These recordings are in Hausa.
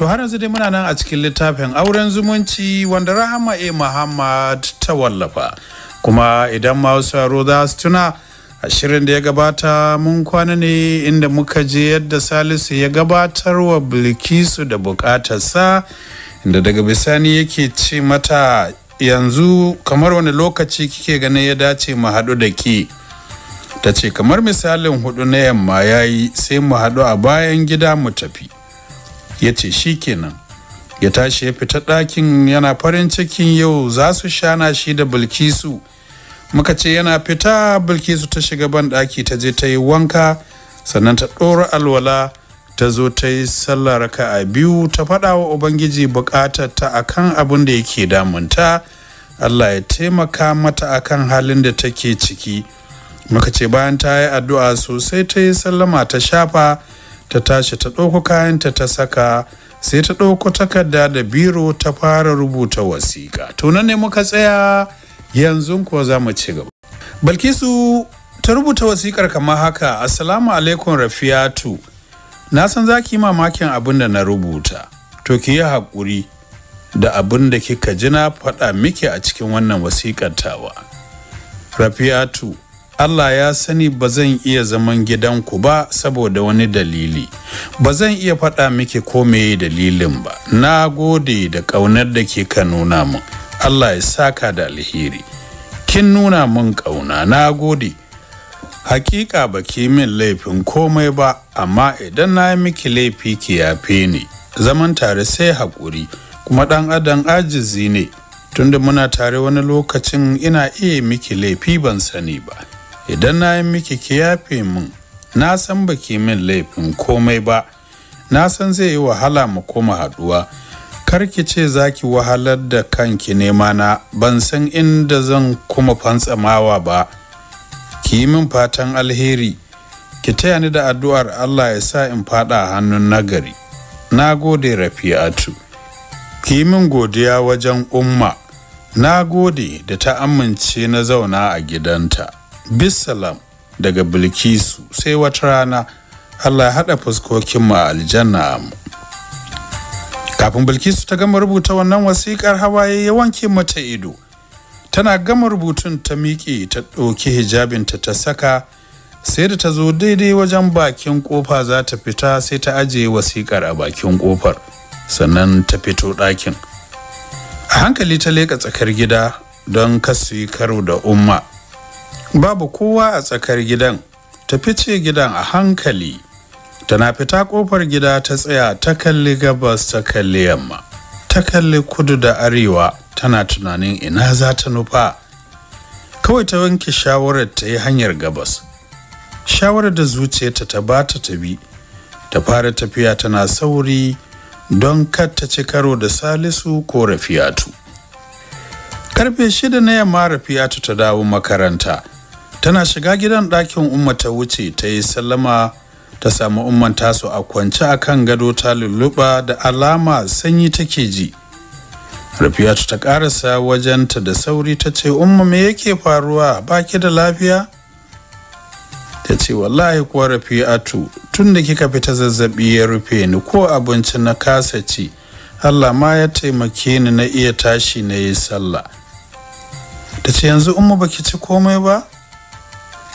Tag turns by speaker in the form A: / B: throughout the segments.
A: To har yanzu dai muna nan a cikin littafin auren zumunci wanda Rahama A. Muhammad ta wallafa. Kuma idan masu yaro za su tuna ashirin da ya gabata mun kwana ne inda muka je yadda Salisu ya gabatar wa Bilkisu da bukatarsa inda daga bisani yake ce mata yanzu kamar wani lokaci kike ganin ya dace mu haɗu da ke. Ta ce kamar misalin hudu na yamma ya yi sai mu haɗu a bayan gida mu tafi. ya ce shi kenan ya tashi ya fita ɗakin yana farin cikin yau za su shana shi da bilkisu muka ce yana fita bilkisu ta shiga ban ɗaki ta je ta yi wanka sannan ta ɗora alwala ta zo ta yi sallah a biyu ta faɗa wa ubangiji buƙatar ta akan abin da yake damunta allah ya taimaka mata akan halin da take ciki muka ce bayan ta yi addu'a sosai ta yi sallama ta shafa ta tashi ta ɗauko kayanta ta saka sai ta ɗauko takarda da biro ta fara rubuta wasiƙa nan ne muka tsaya yanzu ko za mu ci gaba balkisu ta rubuta wasiƙar kamar haka assalamu alaikum rafiyatu na san za ki mamakin abin da na rubuta to ki yi haƙuri da abin da kika ji na faɗa miki a cikin wannan wasiƙar tawa rafiyatu Allah ya sani ba zan iya zaman gidanku ba saboda wani dalili ba zan iya faɗa miki ko meye dalilin ba na gode da ƙaunar da ke ka nuna min Allah ya saka da alheri kin nuna min ƙauna na gode hakika ba ki min laifin komai ba amma idan na yi miki laifi ki yafe ni zaman tare sai haƙuri kuma ɗan adam ajizi ne tunda muna tare wani lokacin ina iya miki laifi ban sani ba idan na yi miki kiyafe yafe min na san ba ki min laifin komai ba na san zai yi wahala mu koma haduwa kar ki ce za ki wahalar da kanki nema na ban san inda zan kuma fantsamawa ba ki yi min fatan alheri ki taya ni da addu'ar Allah ya sa in fada hannun nagari na gode rafi'atu ki yi min godiya wajen umma na gode da ta amince na zauna a gidanta bisalam daga bilkisu sai wata rana allah ya haɗa fuskokinmu a aljanna kafin bilkisu ta gama rubuta wannan wasiƙar hawaye ya wanke mata ido tana gama rubutun ta miƙe ta ɗauki hijabinta ta saka sai da ta zo daidai wajen bakin ƙofa za ta fita sai ta ajiye wasiƙar a bakin ƙofar sannan ta fito ɗakin a hankali ta leƙa tsakar gida don kasu karo da umma babu kowa a tsakar gidan ta fice gidan a hankali tana fita kofar gida ta tsaya ta kalli gabas ta kalli yamma ta kalli kudu da arewa tana tunanin ina za ta nufa kawai ta wanke shawarar ta yi hanyar gabas shawarar da zuciyarta ta ba ta tabi ta fara tafiya tana sauri don kar ta ci karo da salisu ko rafiyatu karfe shida na yamma rafiyatu ta dawo makaranta tana shiga gidan ɗakin umma ta wuce ta yi sallama ta samu umman tasu a kwance a kan gado ta lulluɓa da alama sanyi take ji rufiyatu ta ƙarasa wajenta da sauri ta ce umma me yake faruwa baki da lafiya ta ce wallahi kuwa rufiyatu tun da kika fita zazzabi ya rufe ni ko abinci na kasa ci allah ma ya taimake ni na iya tashi na yi sallah ta ce yanzu umma baki ci komai ba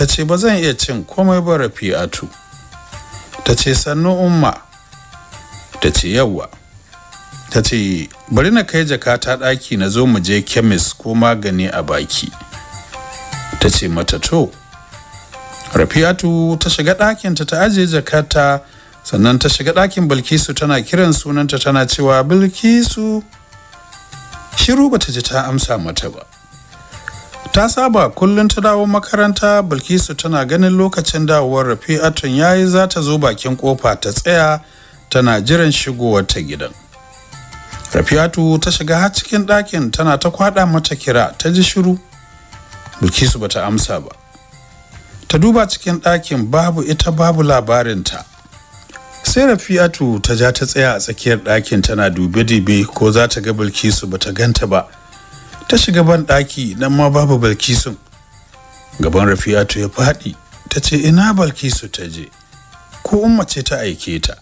A: ta ce ba zan iya cin komai ba rafi'atu ta ce sannu umma ta ce yawwa ta ce bari na kai jakata ɗaki na zo mu je kemis ko magani a baki ta ce mata to rafi'atu ta shiga ɗakinta ta ajiye jakata sannan ta shiga ɗakin bilkisu tana kiran sunanta tana cewa bilkisu shiru bata ji ta amsa mata ba ta saba kullum ta dawo makaranta bilkisu tana ganin lokacin dawowar rafi'atun yi za ta zo bakin kofa ta tsaya tana jiran shigowar ta gidan rafi'atu ta shiga har cikin ɗakin tana ta kwada mata kira ta ji shiru bilkisu ba ta amsa ba ta duba cikin ɗakin babu ita babu labarinta sai rafi'atu ta ja ta tsaya a tsakiyar ɗakin tana dube-dube ko za ta ga bilkisu ba ta ganta ba ta shiga ban ɗaki nan ma babu balkisun gaban rafi'atu ya faɗi ta ce ina balkisu ta je ko umma ce ta aike ta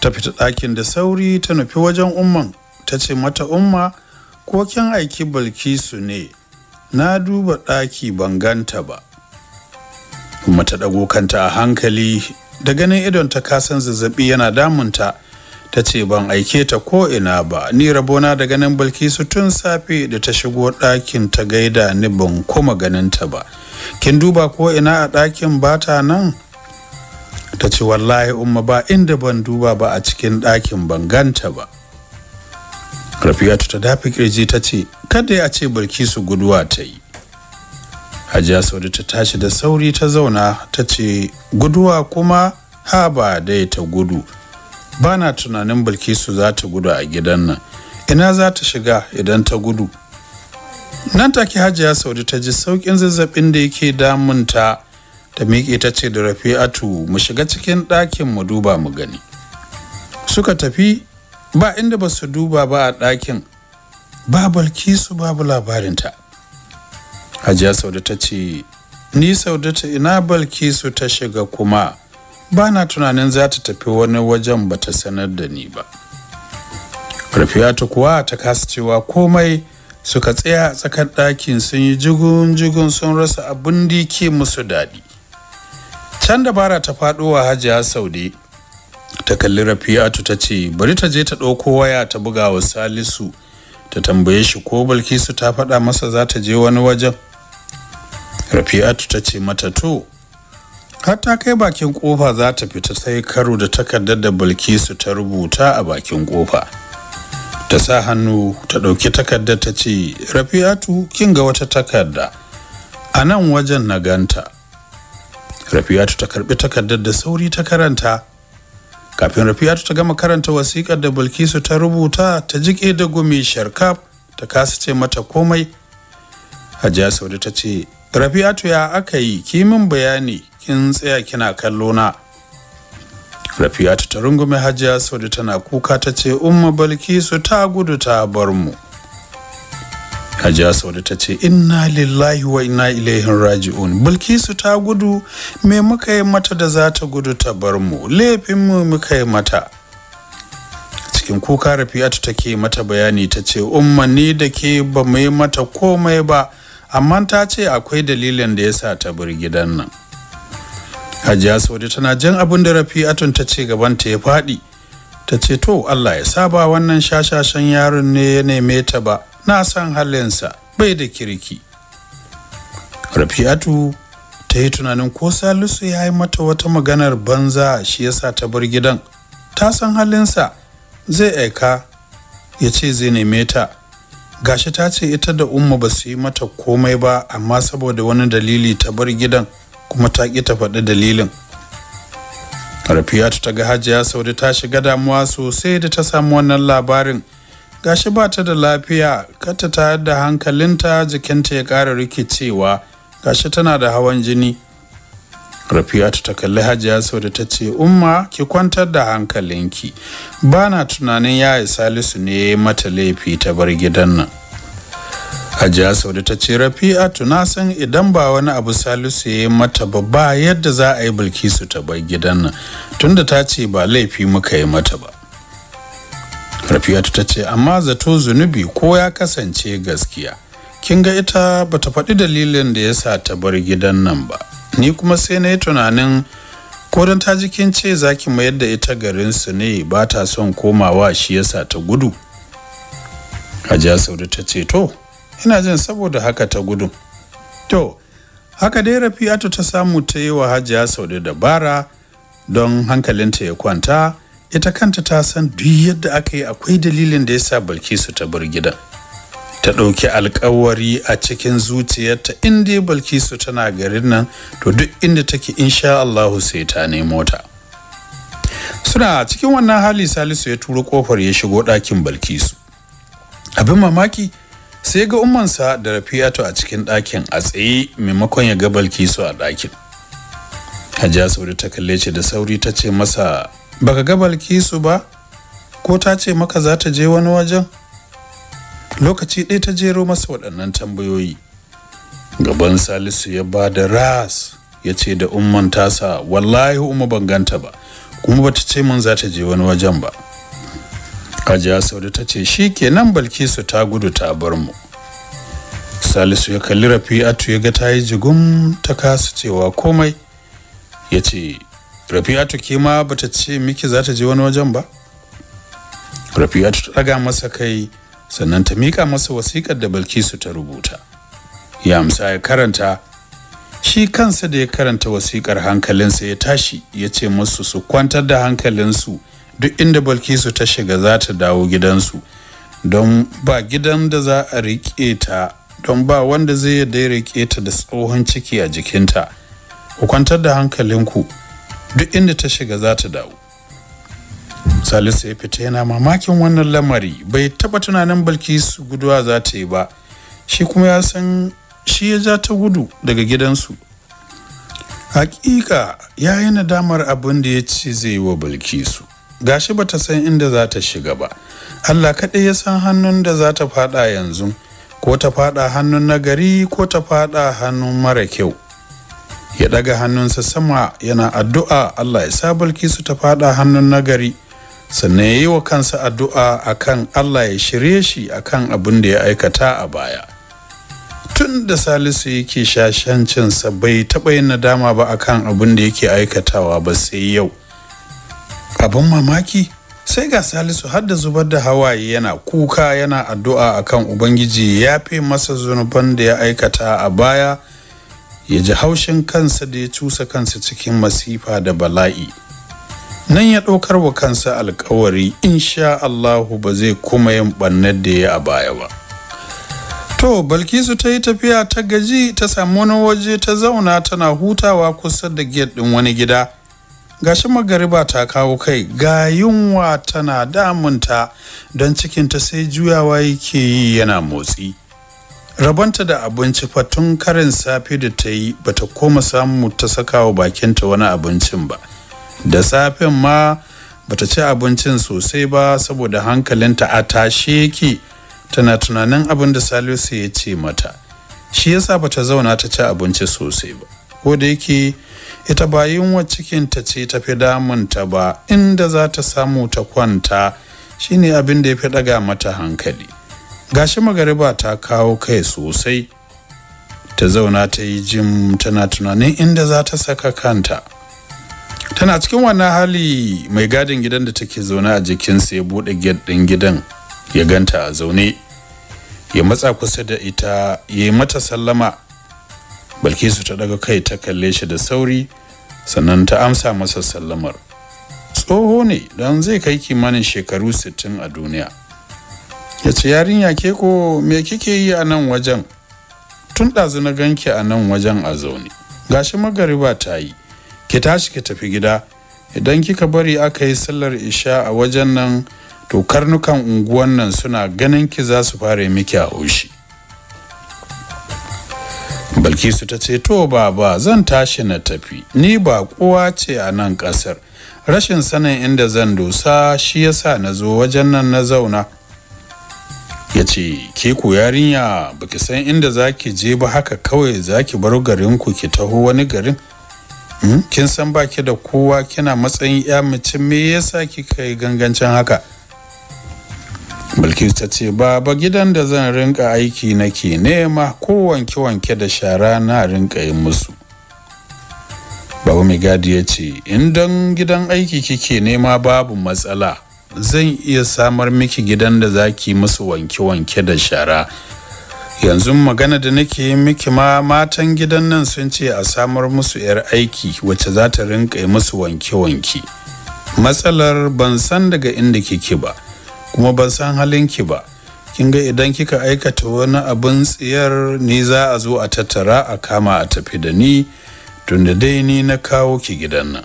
A: ta fita ɗakin da sauri ta nufi wajen umman ta ce mata umma ko kin aiki balkisu ne na duba ɗaki ban ganta ba umma ta ɗago kanta a hankali da ganin idon ta kasan zazzabi yana damunta ta ce ban aike ta ko ina ba ni rabona da ganin bilkisu tun safe da ta shigo ɗakin ta gaida ni ban kuma ganin ta ba kin duba ko ina a ɗakin bata nan ta ce wallahi umma ba inda ban duba ba a cikin ɗakin ban ganta ba rafiyatu ta dafi kirji ta ce kada ya ce bilkisu guduwa ta yi hajiya saudi ta tashi da sauri ta zauna ta ce guduwa kuma ha ba dai ta gudu bana tunanin bilkisu za ta gudu a gidan nan ina za ta shiga idan ta gudu nan take hajiya saudi ta ji saukin zazzabin da yake damunta ta miƙe ta ce da rafi'atu mu shiga cikin ɗakin mu duba mu gani suka tafi ba inda ba su duba ba a ɗakin ba Bilkisu babu labarinta hajiya saudi ta ce ni ta ina Bilkisu ta shiga kuma ba na tunanin za ta tafi wani wajen ba ta sanar da ni ba Rufiyatu kuwa ta kasa cewa komai suka tsaya a tsakar ɗakin sun yi jigun-jigun sun rasa abin da ke musu daɗi can dabara ta faɗo wa hajiya saude ta kalli rafi'atu ta ce bari ta je ta ɗauko waya ta buga wa salisu ta tambaye shi ko bilkisu ta faɗa masa za ta je wani wajen rafi'atu ta ce mata to Hatta kai bakin kofa za ta fita sai karo da takardar da bilkisu ta rubuta a bakin kofa ta sa hannu ta ɗauki takardar ta ce rafi'atu kin ga wata takarda a nan wajen na ganta rafi'atu ta karbi takardar da sauri ta karanta kafin rafi'atu ta gama karanta wasikar da bilkisu ta rubuta ta jiƙe da gumi sharkaf ta kasa ce mata komai hajiya saudi ta ce rafi'atu ya aka yi kimin bayani In tsaya kina kallo na rafiyatu ta rungume hajiya saudi tana kuka ta ce umma balkisu ta gudu ta bar mu hajiya saudi ta ce inna lillahi wa inna ilaihin raji'un bilkisu ta gudu me muka yi mata da za ta gudu ta bar mu laifin mu muka yi mata cikin kuka ta take mata bayani ta ce umma ni da ke ba mu yi mata komai ba amma ta ce akwai dalilin da ya sa ta bar gidan nan hajiya saudi tana jan abin da rafi'atun ta ce gaban ta ya faɗi ta ce to allah ya saba wannan shashashan yaron ne ya neme ta ba na san halinsa bai da kirki rafi'atu ta yi tunanin ko salisu ya yi mata wata maganar banza shi yasa ta bar gidan ta san halinsa zai aika ya ce zai neme ta gashi ta ce ita da umma ba su yi mata komai ba amma saboda wani dalili ta bar gidan kuma ta ƙi ta faɗi dalilin rafiyatu ta ga hajiya saudi ta shiga damuwa sosai da ta samu wannan labarin gashi ba ta da lafiya kata ta da hankalinta jikinta ya ƙara rikicewa gashi tana da hawan jini rafiyatu ta kalli hajiya saudi ta ce umma ki kwantar da hankalinki ba na tunanin ya salisu ne mata laifi ta bar gidan nan hajiya saudi ta ce rafi'a tuna san idan ba wani abu salisu ya yi mata ba ba yadda za a yi bilkisu ta bar gidan nan tunda ta ce ba laifi muka yi mata ba rafi'a ta ce amma zato zunubi ko ya kasance gaskiya kin ga ita ba ta faɗi dalilin da ya sa ta bar gidan nan ba ni kuma sai na yi tunanin ko don ta jikin ce za ki mayar da ita garinsu ne ba ta son komawa shi ya sa ta gudu hajiya saudi ta ce to ina jin saboda haka ta gudu to haka dai rafi'atu ta samu ta yi wa hajiya sau da dabara don hankalinta ya kwanta ita kanta ta san duk yadda aka yi akwai dalilin da ya sa balkisu ta bar gidan ta ɗauki alkawari a cikin zuciyarta inda balkisu tana garin nan to duk inda take insha Allahu sai ta nemo ta suna cikin wannan hali salisu ya turo kofar ya shigo ɗakin balkisu abin mamaki sai ga ummansa da rafiyatu a cikin ɗakin a tsaye maimakon ya gabal kiso a ɗakin hajiya sauri ta kalle ce da sauri ta ce masa baka gabal kiso ba ko ta ce maka za ta je wani wajen lokaci ɗaya ta jero masa waɗannan tambayoyi gaban salisu ya ba da ras ya ce da umman tasa wallahi umma ban ganta ba kuma bata ce min za ta je wani wajen ba hajiya saudu ta ce shi kenan balkisu ta gudu ta bar mu salisu ya kalli rafi'atu ya ga ta yi jigum ta kasu cewa komai ya ce rafi'atu ke ma bata ce miki za ta je wani wajen ba rafi'atu ta raga masa kai sannan ta mika masa wasiƙar da balkisu ta rubuta ya amsa ya karanta shi kansa da ya karanta wasiƙar hankalinsa ya tashi ya ce musu su kwantar da hankalinsu duk inda balkisu ta shiga za ta dawo gidansu don ba gidan da za a riƙe ta don ba wanda zai yarda ya ta da tsohon ciki a jikinta ku kwantar da hankalinku duk inda ta shiga za ta dawo salisu ya fita yana mamakin wannan lamari bai taɓa tunanin balkisu guduwa za ta yi ba shi kuma ya san shi ya ja ta gudu daga gidansu hakika ya yi nadamar abin da ya ce zai yi wa balkisu gashi bata san inda za ta shiga ba allah kaɗai ya san hannun da za ta faɗa yanzu ko ta faɗa hannun nagari ko ta faɗa hannun mara kyau ya ɗaga hannunsa sama yana addu'a allah ya sa bilkisu ta faɗa hannun nagari sannan ya yi wa kansa addu'a akan allah ya shirye shi akan abin da ya aikata a baya tun da salisu yake shashancinsa bai taɓa yin nadama ba akan abin da yake aikatawa ba sai yau abin mamaki sai ga salisu har da zubar da hawaye yana kuka yana addu'a akan ubangiji ya fi masa zunuban da ya aikata a baya ya ji haushin kansa da ya cusa kansa cikin masifa da bala'i nan ya ɗaukar wa kansa alkawari insha Allahu ba zai kuma yin ɓannar da ya a baya ba to balkisu ta yi tafiya ta gaji ta samu wani waje ta zauna tana hutawa kusa da gate ɗin wani gida gashi magariba ta kawo kai ga yunwa tana damunta don cikinta sai juyawa yake yi yana motsi rabonta da abinci fatun karin safe da ta yi bata koma samu ta saka wa bakinta wani abincin ba da safen ma bata ci abincin sosai ba saboda hankalinta a tashe yake tana tunanin abin da salisu ya ce mata shi yasa bata zauna ta ci abinci sosai ba ko da yake ita ba yunwa cikinta ce ta fi ta ba inda za ta samu ta kwanta shine abin da ya fi ɗaga mata hankali gashi magariba ta kawo kai sosai ta zauna ta yi jim tana tunanin inda za ta saka kanta tana cikin wannan hali mai gadin gidan da take zaune a jikinsa ya buɗe get ɗin gidan ya ganta a zaune ya matsa kusa da ita ya yi mata sallama balkisu ta daga kai ta kalle shi da sauri sannan ta amsa masa sallamar. Tsoho ne don zai kai kimanin shekaru sittin a duniya. Ya ce yarinya ke ko me kike yi a nan wajen? Tun ɗazu na ganki a nan wajen a zaune. Gashi magariba ta yi. Ki tashi ki tafi gida. Idan kika bari aka yi sallar isha a wajen nan to karnukan unguwan nan suna ganin ki za su fara miki a Balkisu ta ce to baba zan tashi na tafi ni ba kuwa ce a nan ƙasar rashin sanin inda zan dosa shi yasa na zo wajen nan na zauna ya ce ke ku yarinya ba ki san inda za ki je ba haka kawai za ki bar garin ku ki taho wani garin hmm? kin san ba ki da kowa kina matsayin ya mace me yasa kika yi gangancin haka bilkisu ta ce ba gidan da zan rinka aiki nake nema ko wanke-wanke da shara na rinka yin musu baba mai gadi ya ce in don gidan aiki kike nema babu matsala zan iya samar miki gidan da zaki musu wanke-wanke da shara yanzu magana da nake miki ma matan gidan nan sun ce a samar musu 'yar aiki wacce za ta rinka musu wanke-wanke matsalar ban san daga inda kike ba kuma ban san halin ki ba kin ga idan kika aikata wani abin tsiyar ni za a zo a tattara a kama a tafi da ni tunda dai ni na kawo ki gidan nan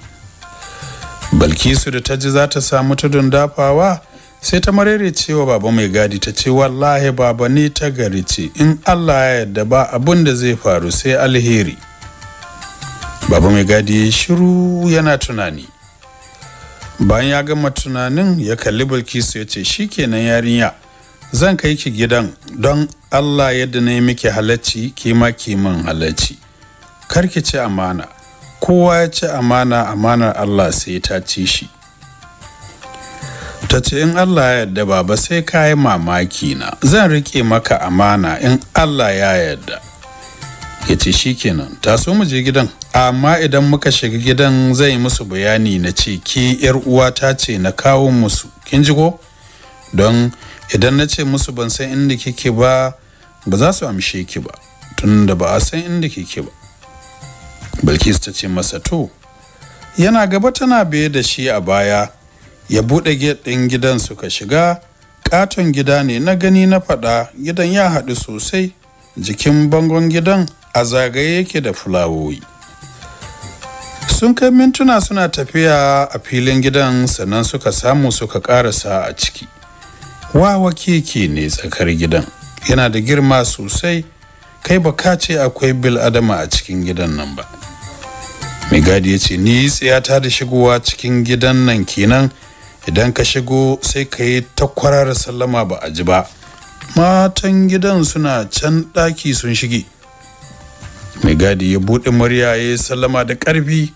A: balkisu da ta ji za ta samu tudun dafawa sai ta marere cewa baba mai gadi ta ce wallahi baba ni ta gari ce in allah ya yarda ba abin da zai faru sai alheri baba mai gadi ya shiru yana tunani bayan ya gama tunanin ya kalli bilkisu ya ce shikenan yarinya zan kai ki gidan don allah yadda na yi miki halacci kima kiman halacci kar ki ci amana kowa ya ci amana amanar allah sai ta ci shi ta ce in allah ya yarda baba sai ka yi mamaki na zan rike maka amana in allah ya yadda. ya ce ta so mu je gidan amma idan muka shiga gidan zai musu bayani na ce ki yar uwata ce na kawo musu kin ji ko don idan na ce musu ban san inda kike ba ba za su amshe ki ba tunda ba a san inda kike ba bilkis ta ce masa to yana gaba tana biye da shi a baya ya buɗe gate ɗin gidan suka shiga katon gida ne na gani na faɗa gidan ya haɗu sosai jikin bangon gidan a zagaye yake da fulawoyi sun kai mintuna suna tafiya a filin gidan sannan suka samu suka karasa a ciki wawa keke ne tsakar gidan yana da girma sosai kai ba ka ce akwai bil adama a cikin gidan nan ba mai gadi ya ce ni tsayata da shigowa cikin gidan nan kenan idan ka shigo sai ka yi takwarar sallama ba a ji ba matan gidan suna can ɗaki sun shige mai ya buɗe murya ya yi sallama da ƙarfi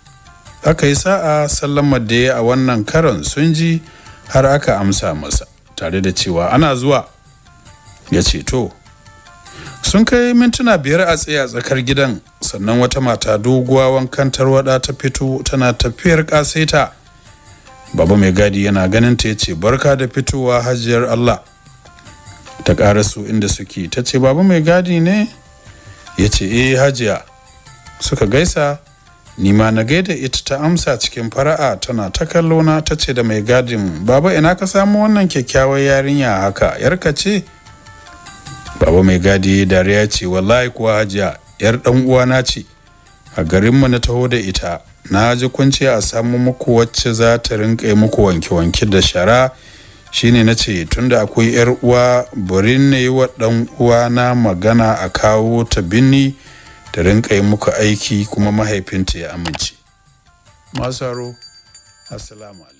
A: aka yi sa'a sallamar da ya a wannan karon sun ji har aka amsa masa tare da cewa ana zuwa ya ce to sun kai mintuna biyar a tsaye a tsakar gidan sannan wata mata doguwa wankan tarwada ta fito tana tafiyar kaseta baba mai gadi yana ganin ta ce, barka da fitowa hajiyar Allah ta karasu inda suke ta ce baba mai gadi ne ya ce eh hajiya suka gaisa nima na gaida ita ta amsa cikin fara'a tana ta kallo na ta ce da mai gadin baba ina ka samu wannan kyakkyawar yarinya haka yarka ce baba mai gadi dariya ce wallahi kuwa hajiya yar dan uwana ce a garin mu na taho da ita na ji kunci a samu muku wacce za ta rinka muku wanke-wanke da shara shine na ce tunda akwai yar uwa bari na yi wa dan uwana magana a kawo ta binni ta rinka yi muku aiki kuma mahaifinta ya amince masaro assalamu alaikum